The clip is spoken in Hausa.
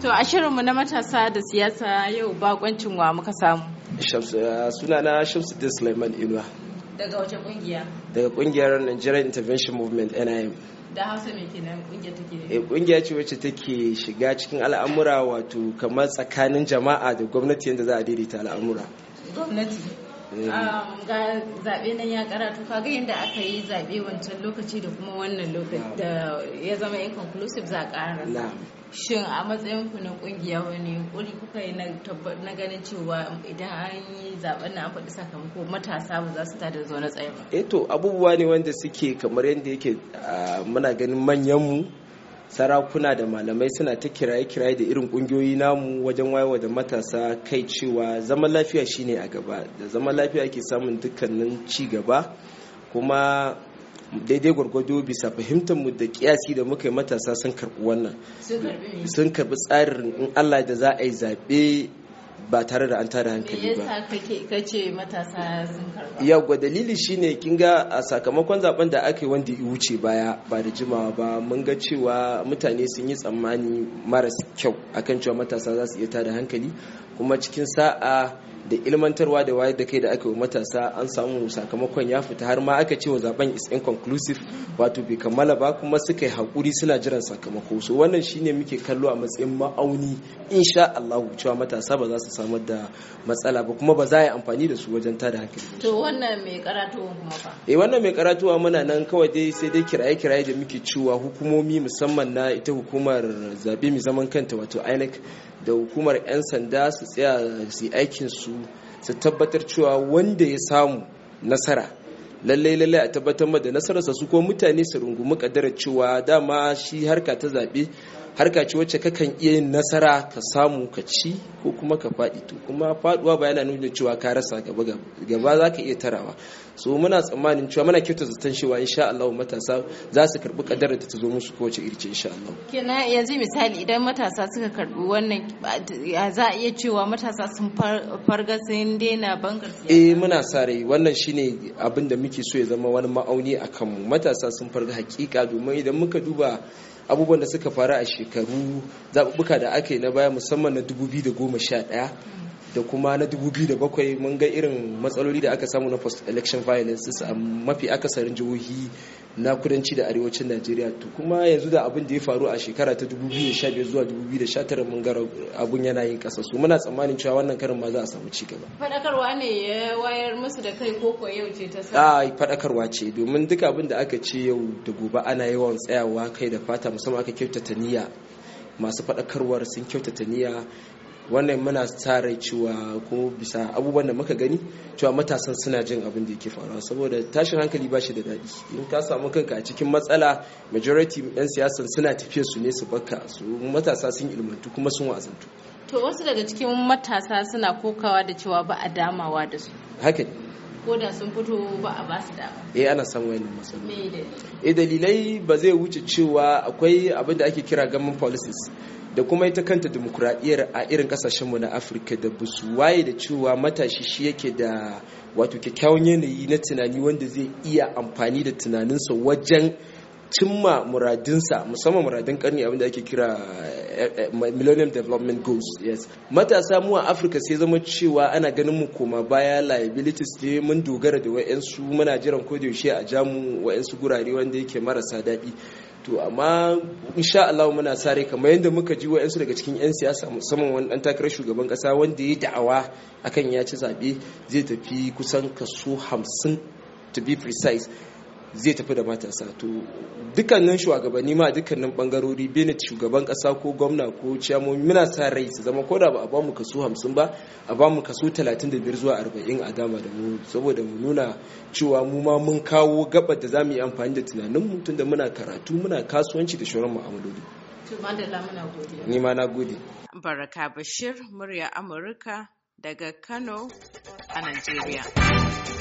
To a shirinmu na matasa da siyasa yau bakoncin wa muka samu. Suna na Shamsuddin Sulaiman Inuwa. Daga wace kungiya? Daga kungiyar Nigerian Intervention Movement NIM. Da Hausa mai kenan kungiyar take ne? Eh, kungiya ce wacce take shiga cikin al'amura wato kamar tsakanin jama'a da gwamnati yadda za a daidaita al'amura. Gwamnati? Eh. Um, ga zaɓe nan ya karatu kaga yadda aka yi zaɓe wancan lokaci da kuma wannan lokaci da ya zama inconclusive za a ƙara shin a matsayin ku na ƙungiya wani kuka yi na ganin cewa idan an yi zaɓen na an faɗi sakamako matasa ba za su tada zaune tsaye ba. eto eh abubuwa ne wanda suke kamar yadda yake ah, muna ganin manyanmu sarakuna da malamai suna ta kiraye-kiraye da irin kungiyoyi namu wajen wayewa da matasa kai cewa zaman lafiya shine a gaba da zaman lafiya ake samun dukkanin ci gaba kuma daidai gwargwado bisa fahimtar mu da kiyasi da muka yi matasa sun karbi wannan sun karbi tsarin in allah da za a yi zaɓe ba tare da an tare hankali ba. ka ce dalili shine kin ga a sakamakon zaben da aka yi wanda ya wuce baya ba da jimawa ba mun ga cewa mutane sun yi tsammani maras kyau akan cewa matasa za su iya tare hankali kuma cikin sa'a da ilmantarwa da wayar da kai da aka yi matasa an samu sakamakon ya fita har ma aka ce wa zaben is inconclusive wato bai kammala ba kuma suka yi hakuri suna jiran sakamako so wannan shine muke kallo a matsayin ma'auni insha Allah cewa matasa ba za su samar da matsala ba kuma ba za a yi amfani da su wajen tada hankali to wannan mai karatuwa kuma fa eh wannan mai karatuwa muna nan kawai dai sai dai kiraye kiraye da muke cewa hukumomi musamman na ita hukumar zabe mai zaman kanta wato INEC da hukumar 'yan sanda su tsaya su aikin su su tabbatar cewa wanda ya samu nasara lallai lallai a tabbatar da nasararsa su ko mutane su rungumi kadarar cewa dama shi harka ta zaɓe harka ce wacce kakan iya yin nasara ka samu ka ci ko kuma ka faɗi to kuma faɗuwa ba yana nuna cewa ka rasa gaba gaba za ka iya tarawa so muna tsammanin cewa muna kyauta zaton cewa insha Allah matasa za su karɓi kadar da ta zo musu kowace irce insha Allah kenan yanzu misali idan matasa suka karɓi wannan za a iya cewa matasa sun farga sun daina bangar eh muna sa rai wannan shine abin da muke so ya zama wani ma'auni akan mu matasa sun farga hakika domin idan muka duba abubuwan da suka faru a shekaru zaɓuɓɓuka da aka yi na baya musamman na 2011 da kuma na 2007 mun ga irin matsaloli da aka samu na post-election violence a mafi akasarin jihohi na kudanci da arewacin najeriya to kuma yanzu da abin da ya faru a shekara ta 2015 zuwa 2019 mun gara abun yana yin kasa su muna tsammanin cewa wannan karin ma za a samu cigaba fadakarwa ne ya wayar musu da kai koko yau ce ta sa a fadakarwa ce domin duk abin da aka ce yau da gobe ana yawan tsayawa kai da fata musamman aka kyautata niyya masu faɗakarwar sun kyautata niyya wannan muna tsara cewa ko bisa abubuwan da muka gani cewa matasan suna jin abin da yake faruwa saboda tashin hankali ba shi da daɗi in ka samu kanka a cikin matsala majority 'yan siyasan suna tafiya su ne su baka su matasa sun ilmantu kuma sun wazantu to wasu daga cikin matasa suna kokawa da cewa ba a damawa da su haka ko da sun fito ba a ba su dama eh ana samun wannan matsaloli eh dalilai ba zai wuce cewa akwai abin da ake kira government policies da kuma ita kanta dimokuraɗiyyar a irin ƙasashenmu na afirka da ba su waye da cewa matashi shi yake da wato kyakkyawan yanayi na tunani wanda zai iya amfani da tunaninsa wajen cimma muradinsa musamman muradin karni abinda ake kira eh, eh, millennium development goals yes matasa mu a afirka sai zama cewa ana ganin mu koma baya liabilities ne mun dogara da wa'yansu muna jiran ko kodayaushe a jamu wa'yansu gurare wanda yake marasa daɗi to amma insha Allah muna sare kamar yadda muka ji wa'yansu daga cikin 'yan siyasa musamman wani ɗan takarar shugaban kasa wanda ya da'awa akan ya ci zaɓe zai tafi kusan kaso hamsin to be precise zai tafi da matasa to dukkanin shugabanni ma dukkanin bangarori benet shugaban kasa ko gwamna ko ciyamomi muna sa rai su zama koda ba a bamu kaso hamsin ba a bamu kaso talatin da biyar zuwa arba'in a dama da mu saboda mu nuna cewa mu ma mun kawo gabar da za mu yi amfani da tunaninmu tunda muna karatu muna kasuwanci da shauran mu'amaloli. Ni ma na gode. Baraka Bashir, murya Amurka daga Kano a Najeriya.